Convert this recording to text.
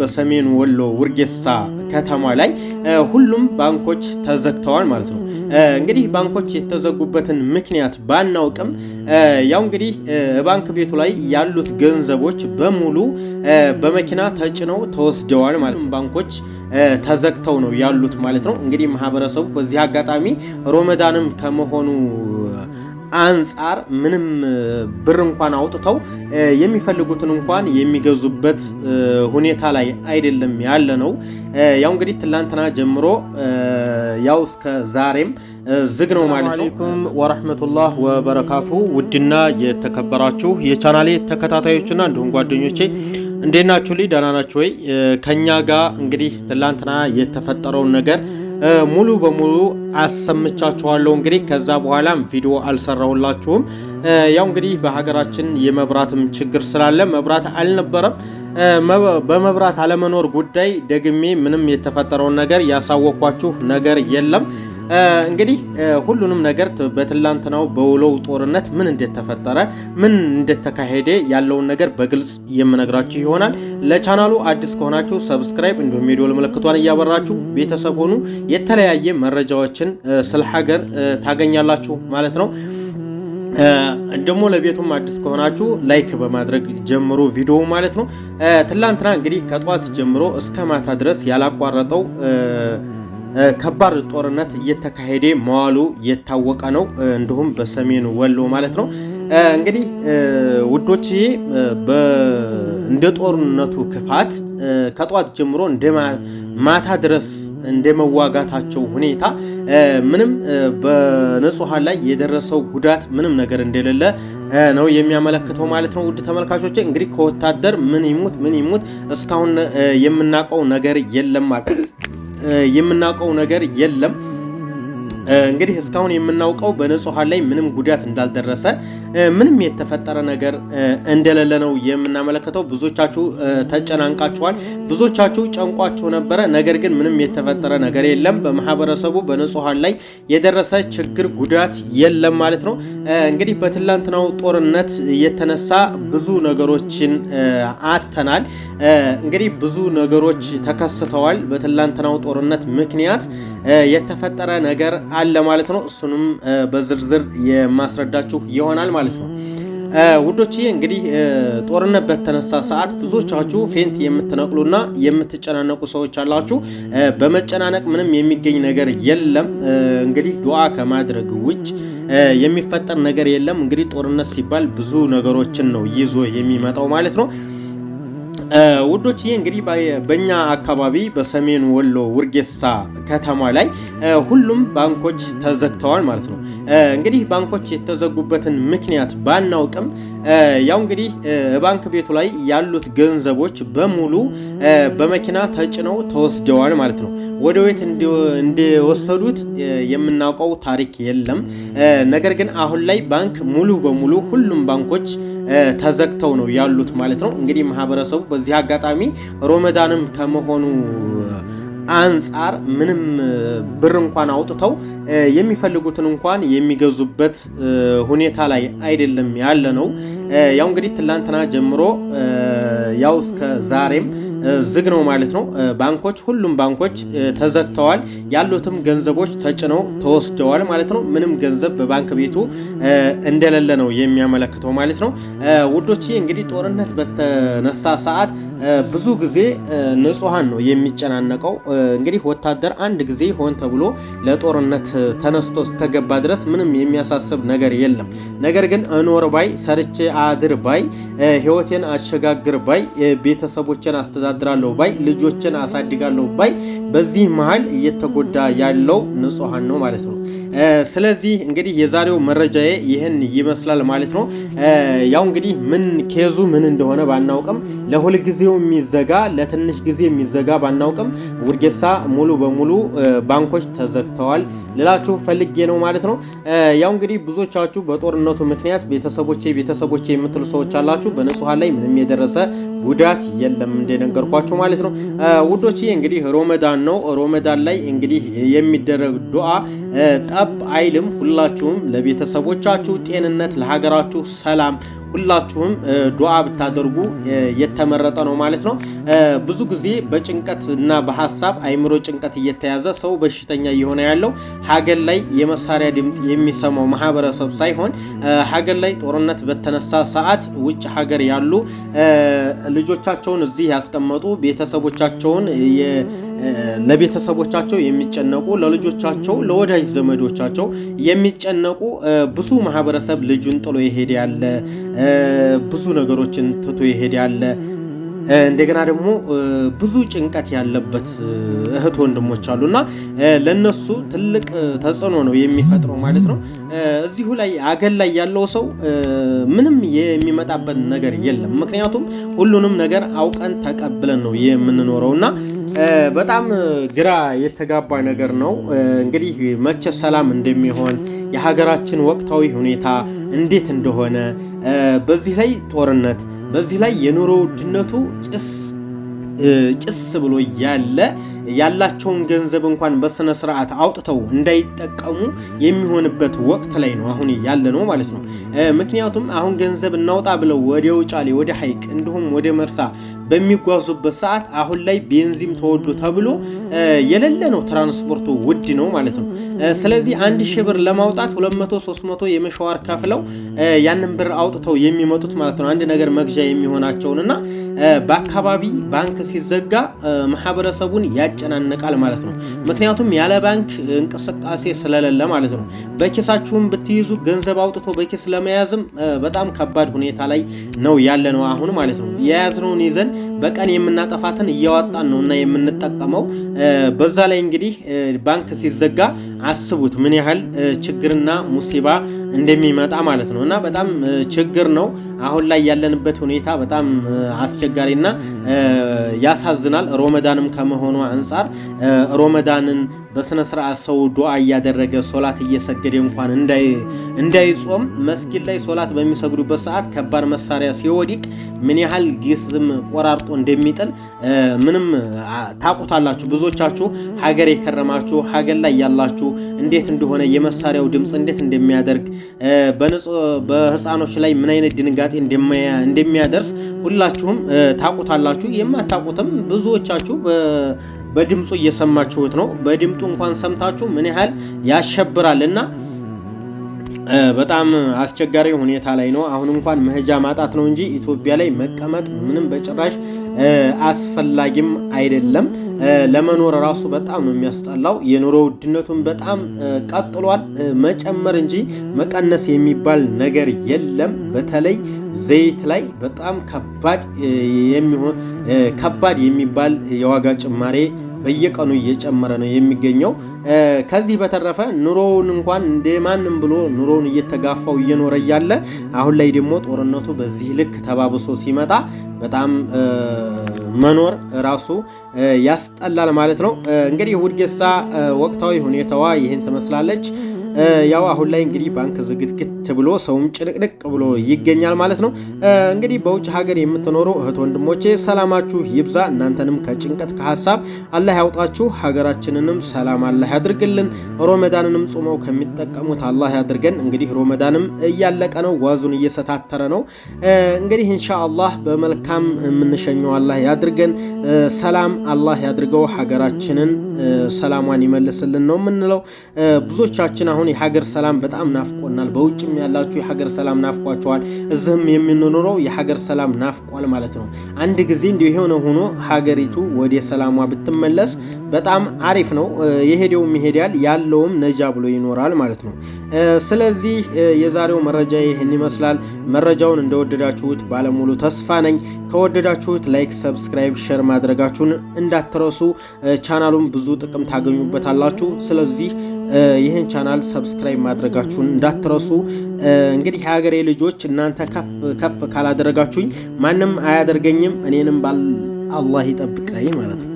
በሰሜን ወሎ ውርጌሳ ከተማ ላይ ሁሉም ባንኮች ተዘግተዋል ማለት ነው። እንግዲህ ባንኮች የተዘጉበትን ምክንያት ባናውቅም ያው እንግዲህ ባንክ ቤቱ ላይ ያሉት ገንዘቦች በሙሉ በመኪና ተጭነው ተወስደዋል ማለት ነው። ባንኮች ተዘግተው ነው ያሉት ማለት ነው። እንግዲህ ማህበረሰቡ በዚህ አጋጣሚ ሮመዳንም ከመሆኑ አንጻር ምንም ብር እንኳን አውጥተው የሚፈልጉትን እንኳን የሚገዙበት ሁኔታ ላይ አይደለም ያለ ነው። ያው እንግዲህ ትላንትና ጀምሮ ያው እስከ ዛሬም ዝግ ነው ማለት ነው። አለይኩም ወራህመቱላህ ወበረካቱ። ውድና የተከበራችሁ የቻናሌ ተከታታዮችና እንዲሁም ጓደኞቼ እንዴት ናችሁ? ልይ ደህና ናችሁ ወይ? ከእኛ ጋር እንግዲህ ትላንትና የተፈጠረውን ነገር ሙሉ በሙሉ አሰምቻችኋለሁ። እንግዲህ ከዛ በኋላም ቪዲዮ አልሰራውላችሁም ያው እንግዲህ በሀገራችን የመብራትም ችግር ስላለ መብራት አልነበረም። በመብራት አለመኖር ጉዳይ ደግሜ ምንም የተፈጠረውን ነገር ያሳወቅኳችሁ ነገር የለም። እንግዲህ ሁሉንም ነገር በትላንትናው በውሎው ጦርነት ምን እንደተፈጠረ ምን እንደተካሄደ ያለውን ነገር በግልጽ የምነግራችሁ ይሆናል። ለቻናሉ አዲስ ከሆናችሁ ሰብስክራይብ፣ እንዲሁም የደወል ምልክቷን እያበራችሁ ቤተሰብ ሆኑ። የተለያየ መረጃዎችን ስለ ሀገር ታገኛላችሁ ማለት ነው። ደግሞ ለቤቱም አዲስ ከሆናችሁ ላይክ በማድረግ ጀምሮ ቪዲዮ ማለት ነው። ትላንትና እንግዲህ ከጠዋት ጀምሮ እስከ ማታ ድረስ ያላቋረጠው ከባድ ጦርነት እየተካሄደ መዋሉ የታወቀ ነው። እንዲሁም በሰሜን ወሎ ማለት ነው። እንግዲህ ውዶች እንደ ጦርነቱ ክፋት ከጠዋት ጀምሮ እንደ ማታ ድረስ እንደ መዋጋታቸው ሁኔታ ምንም በንጹሐን ላይ የደረሰው ጉዳት ምንም ነገር እንደሌለ ነው የሚያመለክተው ማለት ነው። ውድ ተመልካቾች እንግዲህ ከወታደር ምን ይሙት ምን ይሙት እስካሁን የምናውቀው ነገር የለም ማለት የምናውቀው ነገር የለም። እንግዲህ እስካሁን የምናውቀው በንጹሐን ላይ ምንም ጉዳት እንዳልደረሰ ምንም የተፈጠረ ነገር እንደሌለ ነው የምናመለከተው። ብዙዎቻችሁ ተጨናንቃችኋል፣ ብዙዎቻችሁ ጨንቋችሁ ነበረ። ነገር ግን ምንም የተፈጠረ ነገር የለም። በማህበረሰቡ በንጹሐን ላይ የደረሰ ችግር ጉዳት የለም ማለት ነው። እንግዲህ በትላንትናው ጦርነት የተነሳ ብዙ ነገሮችን አተናል። እንግዲህ ብዙ ነገሮች ተከስተዋል። በትላንትናው ጦርነት ምክንያት የተፈጠረ ነገር አለ ማለት ነው። እሱንም በዝርዝር የማስረዳችሁ ይሆናል ማለት ነው። ውዶችዬ እንግዲህ ጦርነት በተነሳ ሰዓት ብዙዎቻችሁ ፌንት የምትነቅሉና የምትጨናነቁ ሰዎች አላችሁ። በመጨናነቅ ምንም የሚገኝ ነገር የለም። እንግዲህ ዱዓ ከማድረግ ውጭ የሚፈጠር ነገር የለም። እንግዲህ ጦርነት ሲባል ብዙ ነገሮችን ነው ይዞ የሚመጣው ማለት ነው። ይህ እንግዲህ በእኛ አካባቢ በሰሜን ወሎ ውርጌሳ ከተማ ላይ ሁሉም ባንኮች ተዘግተዋል ማለት ነው። እንግዲህ ባንኮች የተዘጉበትን ምክንያት ባናውቅም ያው እንግዲህ ባንክ ቤቱ ላይ ያሉት ገንዘቦች በሙሉ በመኪና ተጭነው ተወስደዋል ማለት ነው። ወደ ቤት እንደወሰዱት የምናውቀው ታሪክ የለም። ነገር ግን አሁን ላይ ባንክ ሙሉ በሙሉ ሁሉም ባንኮች ተዘግተው ነው ያሉት ማለት ነው። እንግዲህ ማህበረሰቡ በዚህ አጋጣሚ ሮመዳንም ከመሆኑ አንጻር ምንም ብር እንኳን አውጥተው የሚፈልጉትን እንኳን የሚገዙበት ሁኔታ ላይ አይደለም ያለ ነው። ያው እንግዲህ ትላንትና ጀምሮ ያው እስከ ዛሬም ዝግ ነው ማለት ነው። ባንኮች ሁሉም ባንኮች ተዘግተዋል። ያሉትም ገንዘቦች ተጭነው ተወስደዋል ማለት ነው። ምንም ገንዘብ በባንክ ቤቱ እንደሌለ ነው የሚያመለክተው ማለት ነው። ውዶች እንግዲህ ጦርነት በተነሳ ሰዓት ብዙ ጊዜ ንጹሐን ነው የሚጨናነቀው። እንግዲህ ወታደር አንድ ጊዜ ሆን ተብሎ ለጦርነት ተነስቶ እስከገባ ድረስ ምንም የሚያሳስብ ነገር የለም። ነገር ግን እኖር ባይ፣ ሰርቼ አድር ባይ፣ ህይወቴን አሸጋግር ባይ፣ ቤተሰቦችን አስተዳድራለሁ ባይ፣ ልጆችን አሳድጋለሁ ባይ በዚህ መሀል እየተጎዳ ያለው ንጹሐን ነው ማለት ነው። ስለዚህ እንግዲህ የዛሬው መረጃዬ ይህን ይመስላል ማለት ነው። ያው እንግዲህ ምን ኬዙ ምን እንደሆነ ባናውቅም ለሁል ጊዜው የሚዘጋ ለትንሽ ጊዜ የሚዘጋ ባናውቅም ውርጌሳ ሙሉ በሙሉ ባንኮች ተዘግተዋል ልላችሁ ፈልጌ ነው ማለት ነው። ያው እንግዲህ ብዙዎቻችሁ በጦርነቱ ምክንያት ቤተሰቦቼ ቤተሰቦቼ የምትሉ ሰዎች አላችሁ። በንጹሐን ላይ ምንም የደረሰ ጉዳት የለም እንደነገርኳቸው ማለት ነው ውዶች። እንግዲህ ሮመዳን ነው። ሮመዳን ላይ እንግዲህ የሚደረግ ዱዓ ጠብ አይልም። ሁላችሁም ለቤተሰቦቻችሁ ጤንነት፣ ለሀገራችሁ ሰላም ሁላችሁም ዱዓ ብታደርጉ የተመረጠ ነው ማለት ነው። ብዙ ጊዜ በጭንቀት እና በሀሳብ አይምሮ ጭንቀት እየተያዘ ሰው በሽተኛ እየሆነ ያለው ሀገር ላይ የመሳሪያ ድምፅ የሚሰማው ማህበረሰብ ሳይሆን ሀገር ላይ ጦርነት በተነሳ ሰዓት ውጭ ሀገር ያሉ ልጆቻቸውን እዚህ ያስቀመጡ ቤተሰቦቻቸውን ለቤተሰቦቻቸው የሚጨነቁ ለልጆቻቸው፣ ለወዳጅ ዘመዶቻቸው የሚጨነቁ ብዙ ማህበረሰብ ልጁን ጥሎ ይሄድ ያለ ብዙ ነገሮችን ትቶ ይሄድ ያለ እንደገና ደግሞ ብዙ ጭንቀት ያለበት እህት ወንድሞች አሉና ለነሱ ትልቅ ተጽዕኖ ነው የሚፈጥረው ማለት ነው። እዚሁ ላይ አገር ላይ ያለው ሰው ምንም የሚመጣበት ነገር የለም። ምክንያቱም ሁሉንም ነገር አውቀን ተቀብለን ነው የምንኖረውና በጣም ግራ የተጋባ ነገር ነው። እንግዲህ መቼ ሰላም እንደሚሆን የሀገራችን ወቅታዊ ሁኔታ እንዴት እንደሆነ በዚህ ላይ ጦርነት፣ በዚህ ላይ የኑሮ ውድነቱ ጭስ ጭስ ብሎ እያለ ያላቸውን ገንዘብ እንኳን በስነ ስርዓት አውጥተው እንዳይጠቀሙ የሚሆንበት ወቅት ላይ ነው አሁን ያለ ነው ማለት ነው። ምክንያቱም አሁን ገንዘብ እናውጣ ብለው ወደ ውጫሌ፣ ወደ ሀይቅ እንዲሁም ወደ መርሳ በሚጓዙበት ሰዓት አሁን ላይ ቤንዚን ተወዶ ተብሎ የሌለ ነው። ትራንስፖርቱ ውድ ነው ማለት ነው። ስለዚህ አንድ ሺህ ብር ለማውጣት 200 300 የመሻዋር ከፍለው ያንን ብር አውጥተው የሚመጡት ማለት ነው አንድ ነገር መግዣ የሚሆናቸውንና በአካባቢ ባንክ ሲዘጋ ማህበረሰቡን ያጨናንቃል ማለት ነው። ምክንያቱም ያለ ባንክ እንቅስቃሴ ስለሌለ ማለት ነው። በኪሳችሁም ብትይዙ ገንዘብ አውጥቶ በኪስ ለመያዝም በጣም ከባድ ሁኔታ ላይ ነው ያለ ነው አሁን ማለት ነው። የያዝነውን ይዘን በቀን የምናጠፋትን እያወጣን ነው እና የምንጠቀመው በዛ ላይ እንግዲህ ባንክ ሲዘጋ አስቡት ምን ያህል ችግርና ሙሲባ እንደሚመጣ ማለት ነው እና በጣም ችግር ነው። አሁን ላይ ያለንበት ሁኔታ በጣም አስቸጋሪና ያሳዝናል። ሮመዳንም ከመሆኑ አንጻር ሮመዳንን በስነ ስርዓት ሰው ዱዓ እያደረገ ሶላት እየሰገደ እንኳን እንዳይጾም መስጊድ ላይ ሶላት በሚሰግዱበት ሰዓት ከባድ መሳሪያ ሲወዲቅ ምን ያህል ጊስም ቆራርጦ እንደሚጥል ምንም ታቁታላችሁ ብዙዎቻችሁ ሀገር የከረማችሁ ሀገር ላይ ያላችሁ እንዴት እንደሆነ የመሳሪያው ድምፅ እንዴት እንደሚያደርግ በህፃኖች ላይ ምን አይነት ድንጋጤ እንደሚያደርስ ሁላችሁም ታውቁታላችሁ። የማታውቁትም ብዙዎቻችሁ በድምፁ እየሰማችሁት ነው። በድምፁ እንኳን ሰምታችሁ ምን ያህል ያሸብራል እና በጣም አስቸጋሪ ሁኔታ ላይ ነው። አሁን እንኳን መሄጃ ማጣት ነው እንጂ ኢትዮጵያ ላይ መቀመጥ ምንም በጭራሽ አስፈላጊም አይደለም። ለመኖር ራሱ በጣም ነው የሚያስጠላው። የኑሮ ውድነቱን በጣም ቀጥሏል። መጨመር እንጂ መቀነስ የሚባል ነገር የለም። በተለይ ዘይት ላይ በጣም ከባድ የሚሆን ከባድ የሚባል የዋጋ ጭማሬ በየቀኑ እየጨመረ ነው የሚገኘው። ከዚህ በተረፈ ኑሮውን እንኳን እንደ ማንም ብሎ ኑሮውን እየተጋፋው እየኖረ እያለ አሁን ላይ ደግሞ ጦርነቱ በዚህ ልክ ተባብሶ ሲመጣ በጣም መኖር ራሱ ያስጠላል ማለት ነው። እንግዲህ ውድጌሳ ወቅታዊ ሁኔታዋ ይህን ትመስላለች። ያው አሁን ላይ እንግዲህ ባንክ ዝግትግት ብሎ ሰውም ጭንቅንቅ ብሎ ይገኛል ማለት ነው። እንግዲህ በውጭ ሀገር የምትኖሩ እህት ወንድሞቼ ሰላማችሁ ይብዛ። እናንተንም ከጭንቀት ከሀሳብ አላህ ያውጣችሁ። ሀገራችንንም ሰላም አላህ ያድርግልን። ሮመዳንንም ጾመው ከሚጠቀሙት አላህ ያድርገን። እንግዲህ ሮመዳንም እያለቀ ነው፣ ዋዙን እየሰታተረ ነው። እንግዲህ ኢንሻአላህ በመልካም የምንሸኘው አላህ ያድርገን። ሰላም አላህ ያድርገው ሀገራችንን ሰላሟን ይመልስልን ነው የምንለው። ብዙዎቻችን አሁን የሀገር ሰላም በጣም ናፍቆናል። በውጭም ያላችሁ የሀገር ሰላም ናፍቋቸዋል። እዚህም የምንኖረው የሀገር ሰላም ናፍቋል ማለት ነው። አንድ ጊዜ እንዲሁ የሆነ ሆኖ ሀገሪቱ ወደ ሰላሟ ብትመለስ በጣም አሪፍ ነው። የሄደውም ይሄዳል፣ ያለውም ነጃ ብሎ ይኖራል ማለት ነው። ስለዚህ የዛሬው መረጃ ይህን ይመስላል። መረጃውን እንደወደዳችሁት ባለሙሉ ተስፋ ነኝ። ከወደዳችሁት ላይክ፣ ሰብስክራይብ፣ ሸር ማድረጋችሁን እንዳትረሱ። ቻናሉን ብዙ ጥቅም ታገኙበታላችሁ። ስለዚህ ይህን ቻናል ሰብስክራይብ ማድረጋችሁን እንዳትረሱ። እንግዲህ የሀገሬ ልጆች እናንተ ከፍ ከፍ ካላደረጋችሁኝ ማንም አያደርገኝም። እኔንም አላህ ይጠብቀኝ ማለት ነው።